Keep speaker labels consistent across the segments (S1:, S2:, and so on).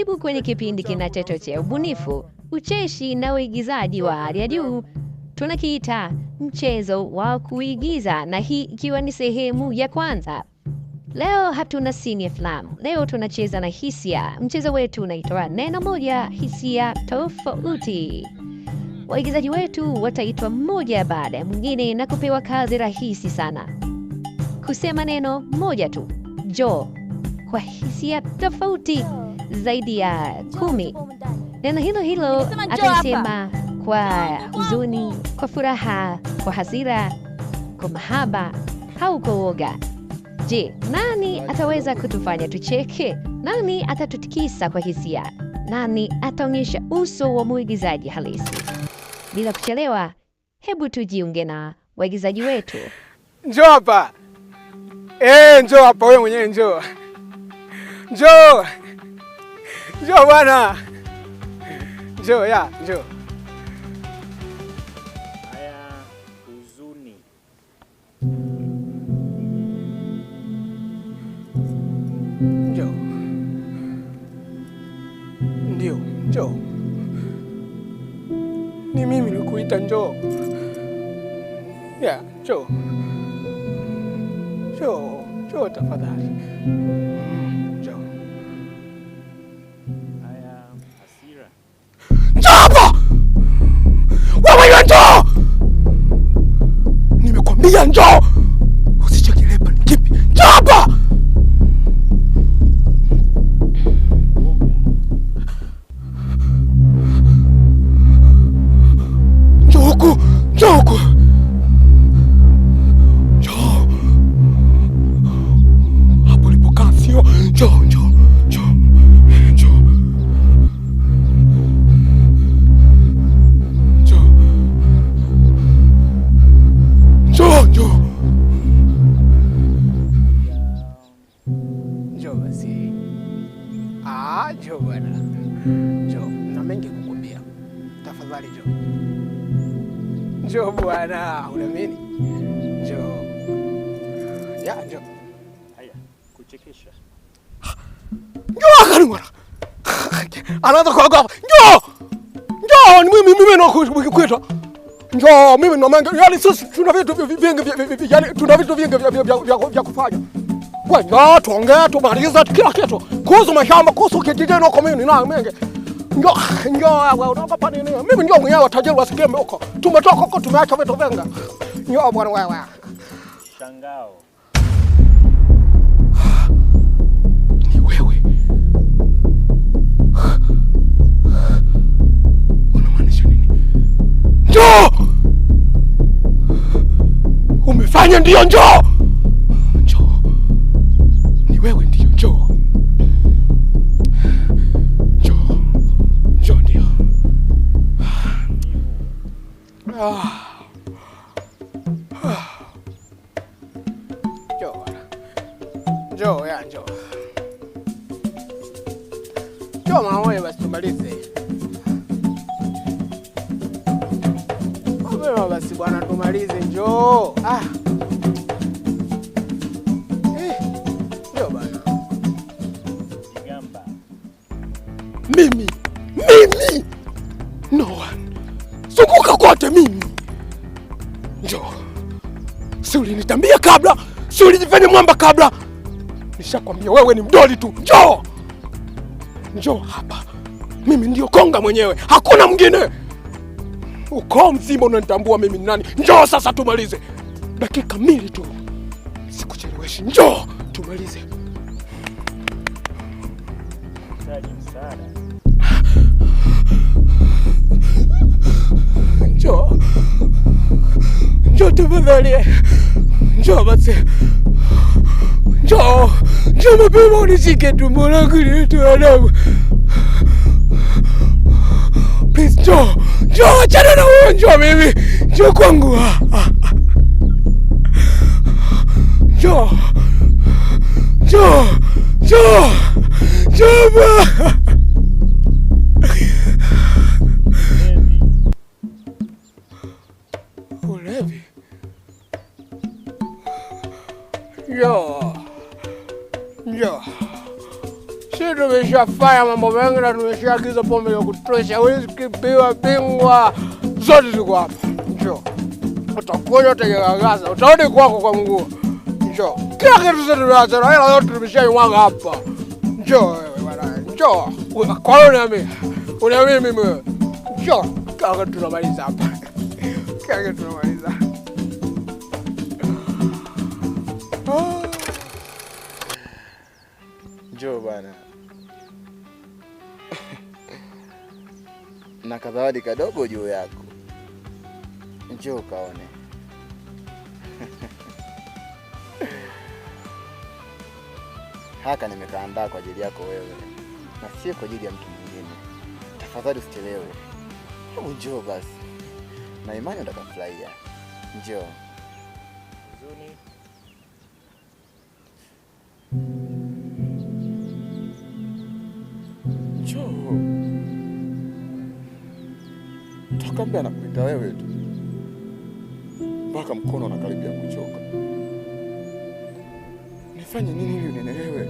S1: Karibu kwenye kipindi kinachochochea ubunifu, ucheshi na uigizaji wa hali ya juu. Tunakiita mchezo wa kuigiza, na hii ikiwa ni sehemu ya kwanza. Leo hatuna sini ya filamu. Leo tunacheza na hisia. Mchezo wetu unaitwa neno moja, hisia tofauti. Waigizaji wetu wataitwa mmoja baada ya mwingine na kupewa kazi rahisi sana, kusema neno moja tu, jo, kwa hisia tofauti zaidi ya kumi. Neno hilo hilo atasema kwa huzuni, kwa furaha, kwa hasira, kwa mahaba au kwa uoga. Je, nani ataweza kutufanya tucheke? Nani atatutikisa kwa hisia? Nani ataonyesha uso wa mwigizaji halisi? Bila kuchelewa, hebu tujiunge na waigizaji wetu. Njoo hapa. Eh, njoo hapa wewe mwenyewe njoo. Njoo. Njoo bwana, njoo ya njoo.
S2: Haya, huzuni
S1: njoo, ndio njoo. Ni mimi nikuita njoo ya njoo, njoo, njoo tafadhali. 脸罩。No, oh, mimi na mengi. Yaani sisi tuna vitu vingi yaani tuna vitu vingi vya kufanya. Ngoja tuongee tumalize kila kitu. Kuhusu mashamba, kuhusu kijiji na komini na mengi. Ndio ndio wewe unaomba unapapa nini? Mimi ndio mwenyewe tajiri wa sikeme huko. Tumetoka huko tumeacha vitu vingi. Ndio bwana wewe. Shangao. Ni wewe. Unamaanisha nini? Ndio! umefanya. Ndiyo, njoo njoo, ni wewe, ndiyo, njoo njoo njoo, ndio. Ah.
S2: Ah. Njoo, njoo, ya njoo, njoo mara basi tumalize. hilo basi bwana, tumalize njoo. Ah. Eh, bwana.
S1: Mimi. Mimi. No one. Sukuka kote mimi. Njoo. Si ulinitambia kabla, si ulijifanya mwamba kabla. Nishakwambia wewe ni mdoli tu. Njoo. Njoo hapa. Mimi ndio konga mwenyewe. Hakuna mwingine. Ukoo mzima unanitambua mimi ni nani. Njoo sasa tumalize, dakika mbili tu, sikucheleweshi. Njoo tumalize. Njoo, njoo tafadhali, njoo basi, njoo, njoo mapema, unishike tumbo langu, niite adabu Please jo njoo, achana na huyo, njoo mimi, njoo kwangu, njoo, njoo, njoo, njoo.
S2: si tumeshafanya mambo mengi na tumeshaagiza pombe ya kutosha, whisky, bia, bingwa zote ziko hapa. Njo utakunywa, utajagaza, utarudi kwako kwa mguu. Njo kila kitu sisi na hela yote tumeshaimwaga hapa. Njo njo, bwana, njoo kwa hiyo niambie, uniambie mimi wewe, njoo kila kitu tunamaliza hapa, kila kitu tunamaliza. Oh. na kazawadi kadogo juu yako, njoo ukaone. Haka nimekaandaa kwa ajili yako wewe na sio kwa ajili ya mtu mwingine. Tafadhali usichelewe, hebu njoo basi, na imani utakafurahia. Njoo.
S1: kambi anakuita wewe tu mpaka mkono unakaribia kuchoka. Nifanye nini ili unielewe?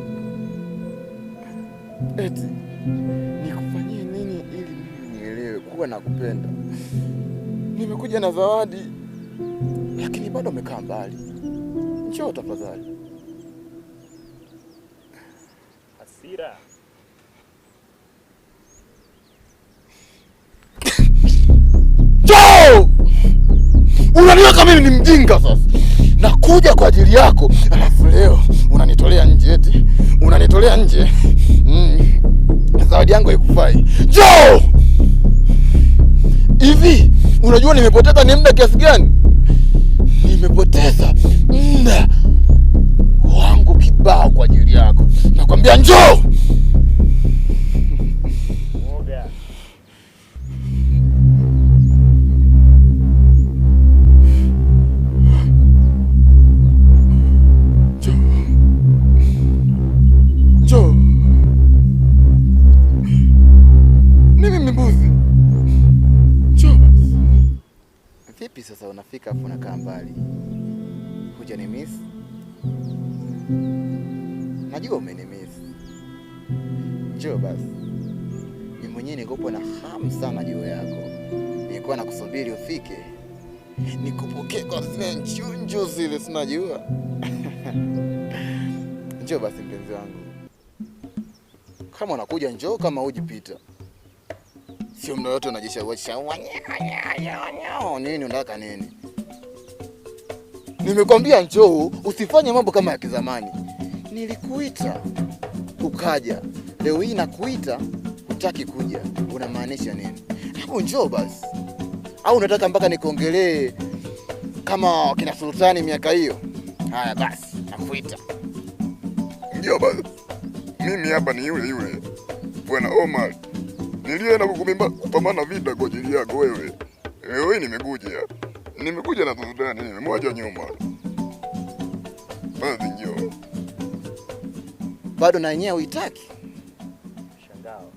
S1: Eti
S2: nikufanyie nini ili
S1: nielewe kuwa nakupenda? Nimekuja na zawadi, lakini bado umekaa mbali. Njoo tafadhali. Hasira unataka mimi ni mjinga sasa nakuja kwa ajili yako, alafu leo unanitolea nje, eti unanitolea nje. Mm, zawadi yangu haikufai. Jo, hivi unajua nimepoteza ni muda kiasi gani? Nimepoteza muda wangu kibao kwa ajili yako, nakwambia njoo
S2: nafika afu nakaa mbali, huja ni miss. Najua miss, Njoo basi, ni mwenyewe nikopo na hamu sana juu yako, nilikuwa nakusubiri ufike nikupokee kwa zile nchunjo zile, sinajua. Njoo basi mpenzi wangu, kama unakuja njoo, kama hujipita sio mdo yote unajishawisha nini, unataka nini? Nimekwambia njoo, usifanye mambo kama ya kizamani. Nilikuita ukaja, leo hii nakuita hutaki kuja, unamaanisha nini? au njoo basi, au unataka mpaka nikuongelee kama kina Sultani miaka hiyo? Haya basi, nakuita
S3: Ndio basi. Mimi hapa ni yule yule Bwana Omar nilienda kupamana vita kwa ajili yako wewe, leo hii nimekuja nimekuja na kukutana nini, nimewacha nyuma basi, njoo
S2: bado na yenyewe uitaki shangao.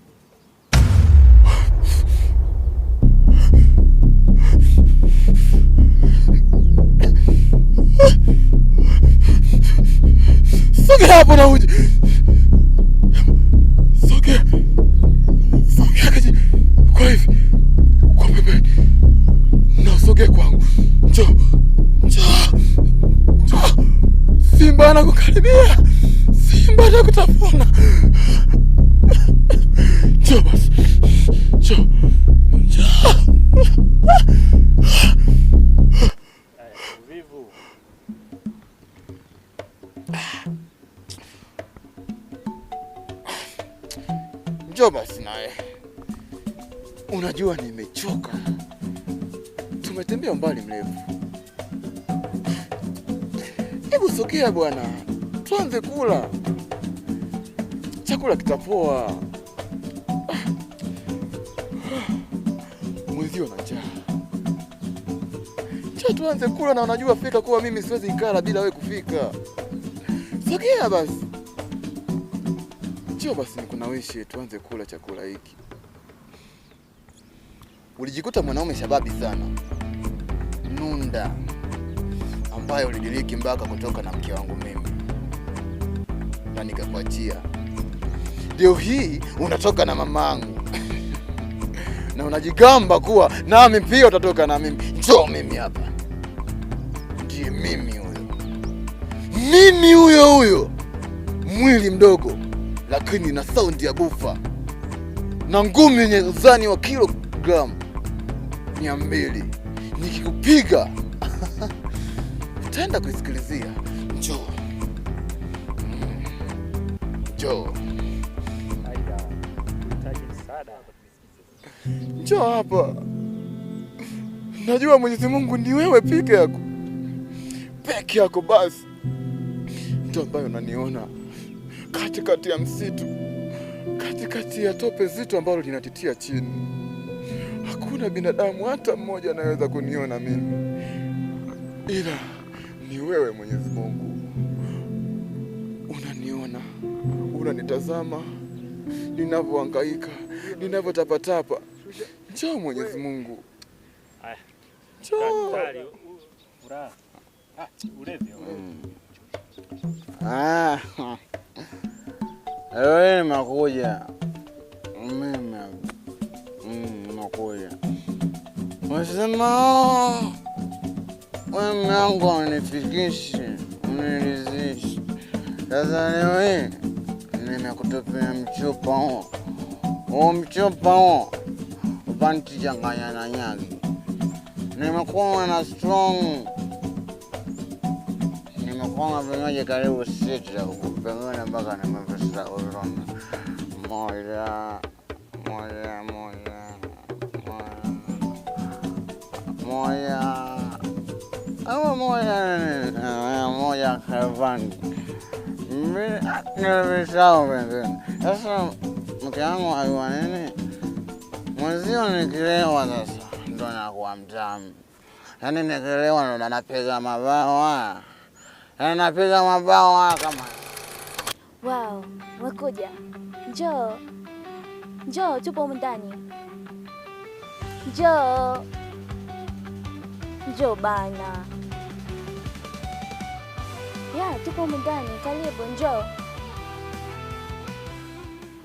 S1: Sogea hapo na uje karibia Simba na kutafuna tuanze kula chakula, kitapoa. Mwenzio na njaa cha, tuanze kula, na unajua fika kuwa mimi siwezi ikala bila wewe kufika. Sogea basi, njoo basi nikunawishe, tuanze kula chakula hiki. Ulijikuta mwanaume shababi sana nunda, ambaye ulidiriki mpaka kutoka na mke wangu mimi na nikakuachia. Leo hii unatoka na mamangu na unajigamba kuwa nami pia utatoka na mimi. Njoo mimi hapa, ndiye mimi huyo, mimi huyo huyo, mwili mdogo lakini na saundi ya bufa na ngumi yenye uzani wa kilogramu mia mbili nikikupiga utaenda kuisikilizia. Njoo njoo hapa, najua Mwenyezi Mungu ni wewe peke yako peke yako. Basi mtu ambayo unaniona katikati ya msitu, katikati ya tope zito ambalo linatitia chini, hakuna binadamu hata mmoja anayeweza kuniona mimi, ila ni wewe Mwenyezi Mungu unaniona, unanitazama ninavyohangaika, ninavyotapatapa. Njoo Mwenyezi Mungu, njoo.
S4: Wewe makuja mimi makuja unasema wewe, mwanangu, unifikishe uniridhishe sasa leo hii nimekutupia mchupa huo, huo mchupa huo upanti changanya na nyagi, nimekuwa na strong, nimekuwa na vinywaji karibu sita, pengine mpaka nimevisa urona moja moja moja moja moja moja moja karavani nilivishaupenzi. Sasa mke wangu alikuwa nini, mwenzio nikilewa sasa ndo nakuwa mtamu, yaani nikilewa ndo mabao haya yaani napiga mabao mabawa kama
S5: wao. mekuja njoo njoo, tupo humu ndani, njoo njoo bana tuko tupo humu ndani, karibu njoo.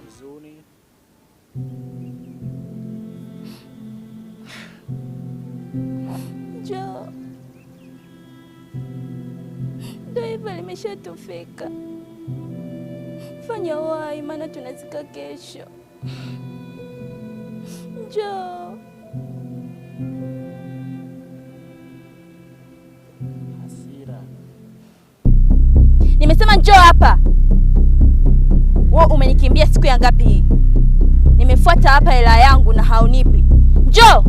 S2: Huzuni.
S5: Njoo. Ndio hivyo limeshatufika. Fanya wai, maana tunazika kesho. Njoo.
S6: Njoo hapa. Wewe umenikimbia siku ya ngapi hii? Nimefuata hapa hela yangu na haunipi. Njoo.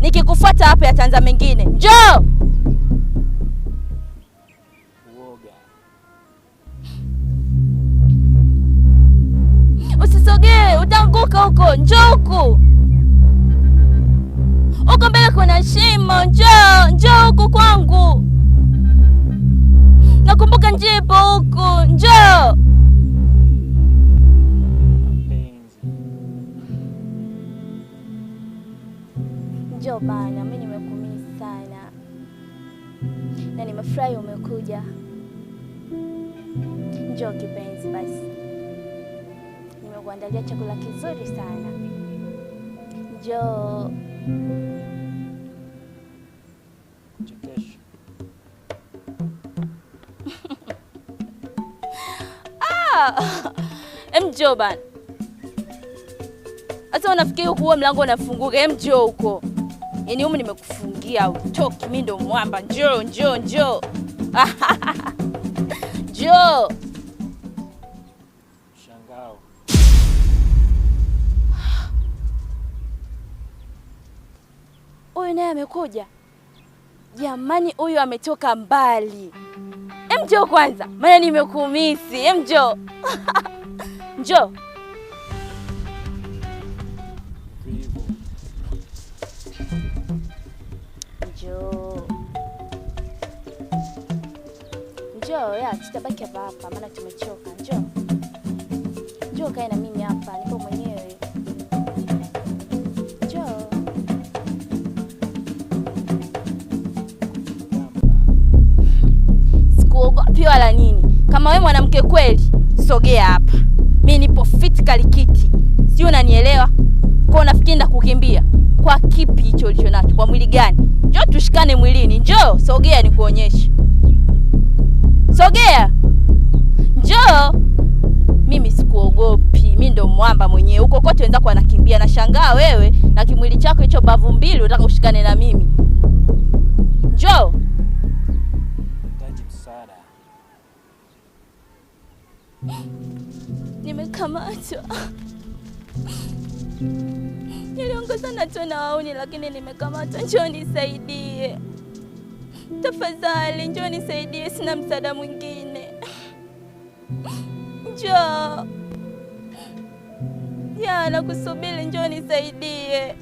S6: Nikikufuata hapa yatanza mengine. Njoo. Uoga. Usisogee, utanguka huko. Njoo huku. Huko mbele kuna shimo. Njoo, njoo huku kwangu. Nakumbuka njia ipo huku, njoo.
S5: Njoo bana, mimi nimekumisi sana na nimefurahi umekuja. Njoo kipenzi, basi nimekuandalia chakula kizuri sana. Njoo.
S6: Emjo bana, hata unafikiri huko mlango unafunguka? Emjo huko, yaani humu nimekufungia, utoki. Mimi ndo mwamba. Njoo, njoo, njoo, njoo.
S2: Mshangao
S6: huyu naye amekuja jamani, huyu ametoka mbali njoo kwanza, maana nimekumisi. Em, njoo njoo
S5: njoo ya tutabaki hapa hapa, maana tumechoka. Njoo njoo, kae na mimi hapa, niko mwenyewe.
S6: kama wewe mwanamke kweli, sogea hapa, mi nipo fit kiti, si unanielewa? Kwa nda kukimbia kwa kipi hicho ulicho nacho? Kwa mwili gani? Njoo tushikane mwilini, njoo sogea, nikuonyeshe. Sogea, njoo. Mimi sikuogopi, mi ndo mwamba mwenyewe. Huko kote wenzako wanakimbia, nashangaa wewe na kimwili chako hicho, bavu mbili, unataka ushikane na mimi?
S5: nacho niliongoza nacho na wauni, lakini nimekamatwa. Njoo nisaidie tafadhali, njoo nisaidie, sina msaada mwingine. Njoo ya nakusubiri, njoo nisaidie,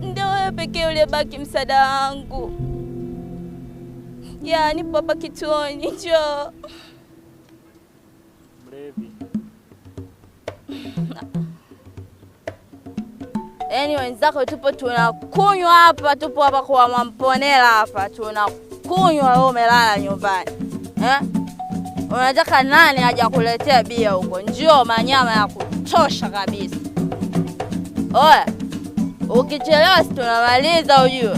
S5: ndio wewe pekee uliyebaki msaada wangu. Ya nipo hapa kituoni, njoo.
S6: yaani wenzako tupo tunakunywa hapa, tupo hapa kwa Mwamponela hapa tunakunywa, wewe umelala nyumbani eh? Unataka nani aje kuletea bia huko? Njoo manyama ya kutosha kabisa. Oya, ukichelewa si tunamaliza ujue.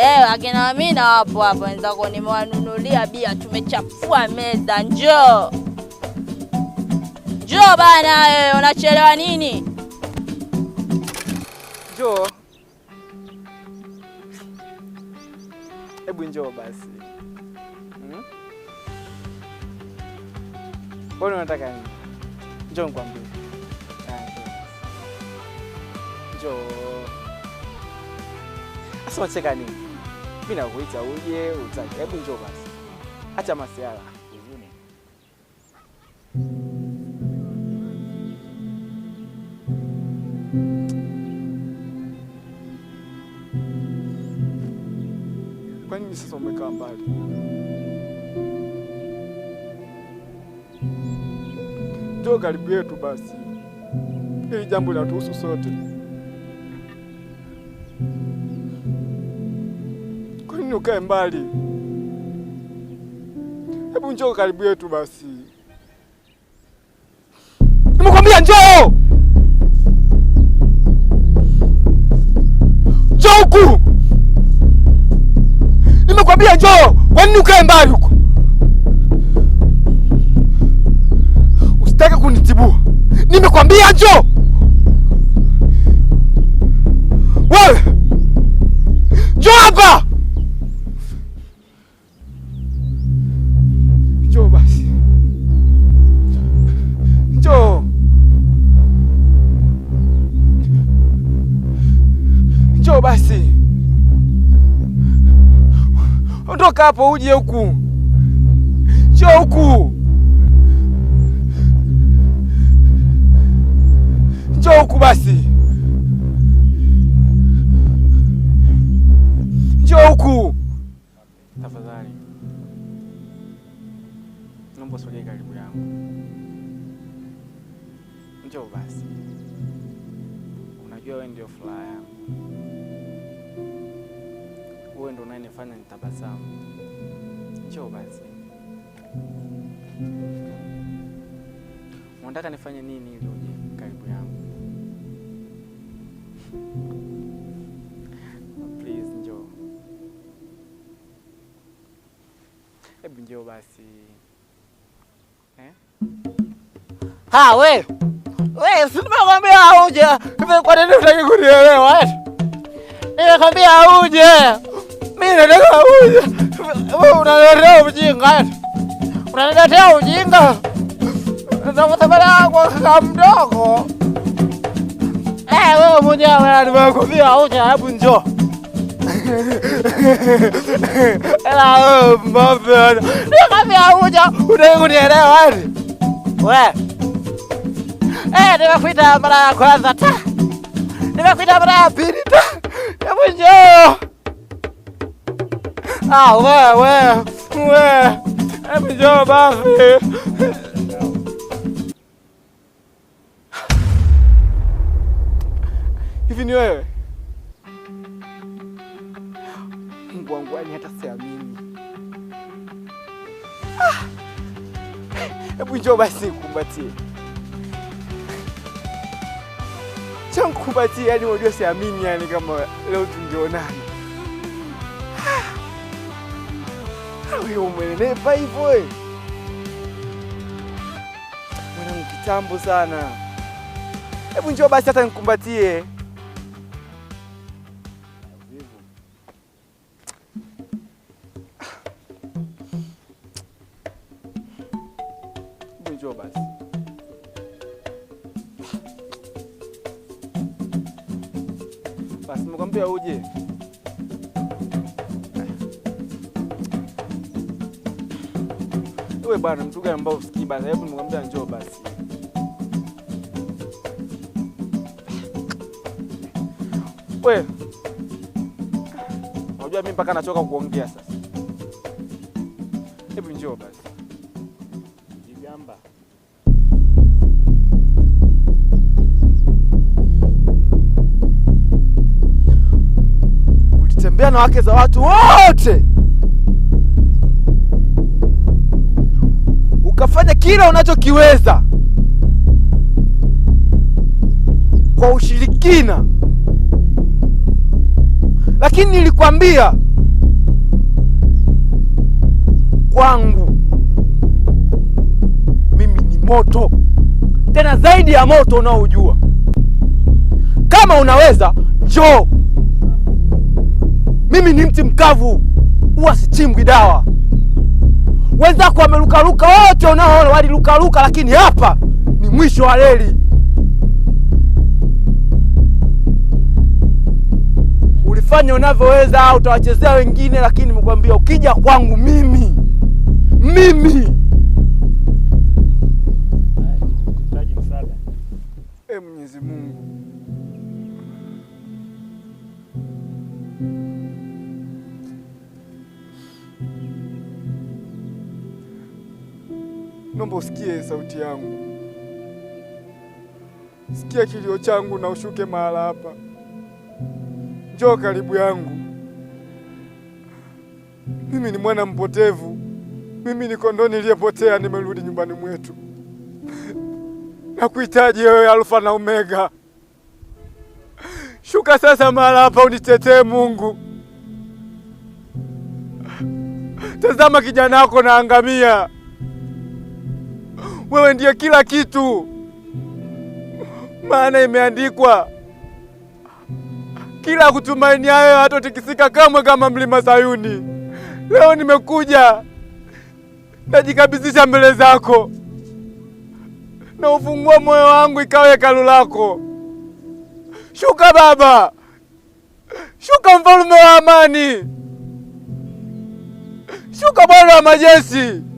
S6: Eh, akina Amina wapo hapo, wenzako nimewanunulia bia, tumechafua meza. Njoo njoo bana, wewe unachelewa nini?
S2: Njoo, hebu njoo basi. Hmm? Mbona unataka nini? Njoo nikwambie. Ah, njoo. Sasa unacheka nini? Mimi nakuita uje utake. Hebu njoo basi. Acha masiala.
S1: amwekaa mbali. Njoo karibu yetu basi, hili jambo linatuhusu sote. Kwa nini ukae mbali? Hebu njoo karibu yetu basi. Nimekwambia njoo, njoo huku. Nakwambia njoo, kwa nini ukae mbali huko? Usitake kunitibua, nimekwambia njoo. toka hapo uje huku. Njoo huku. Njoo huku basi.
S2: kunifanya nitabasamu. Njoo basi. Unataka nifanye nini ili uje karibu yangu? Please njoo. Hebu njoo basi. Eh?
S7: Ha, we. We, si nimekwambia uje. Kwa nini unataka kunielewa? Nimekwambia uje nataka wewe, unaletea ujinga, unaletea ujinga kwa mdogo. Eh, wewe mwenyewe nimekufia ucha, hebu njoo ela mbabe, nimekufia ucha, unaelewa wapi wewe? Eh, nimekuita mara ya kwanza ta, nimekuita mara ya pili ta, hebu njoo Ah wewe wewe wewe, hebu njoo basi.
S2: Hivi ni wewe? Mungu wangu, yaani hata siamini. Ah. Hebu njoo basi nikumbatie. Changu kumbatie, yaani unajua siamini, yaani kama leo tungeonana. Umenenepa hivyo mwanangu, kitambo sana. Hebu njoo basi hata nikumbatie. basi. Basi nimekwambia uje. we bwana, mtu gani ambao usikii bana? Hebu nikwambia, njoo basi. We unajua mimi mpaka nachoka kuongea sasa. Hebu njoo basi. Jigamba.
S1: Ulitembea na wake za watu wote. ukafanya kila unachokiweza kwa ushirikina, lakini nilikwambia kwangu mimi ni moto, tena zaidi ya moto unaojua. Kama unaweza njoo, mimi ni mti mkavu, huwa sichimbwi dawa wenzako wamerukaruka wote, unaoona walirukaruka, lakini hapa ni mwisho wa reli. Ulifanya unavyoweza, utawachezea wengine, lakini nimekwambia ukija kwangu mimi mimi ee Mwenyezi Mungu naomba usikie sauti yangu, sikia kilio changu na ushuke mahala hapa. Njoo karibu yangu, mimi ni mwana mpotevu, mimi ni kondoo niliyepotea, nimerudi nyumbani mwetu. Nakuhitaji wewe, Alfa na Omega. Shuka sasa mahala hapa, unitetee Mungu. Tazama kijana wako naangamia. Wewe ndiye kila kitu, maana imeandikwa, kila kutumainiayo hatotikisika kamwe kama mlima Sayuni. Leo nimekuja najikabidhisha mbele zako, na ufungua moyo wangu ikawe hekalu lako. Shuka Baba, shuka mfalme wa amani, shuka Bwana wa majeshi.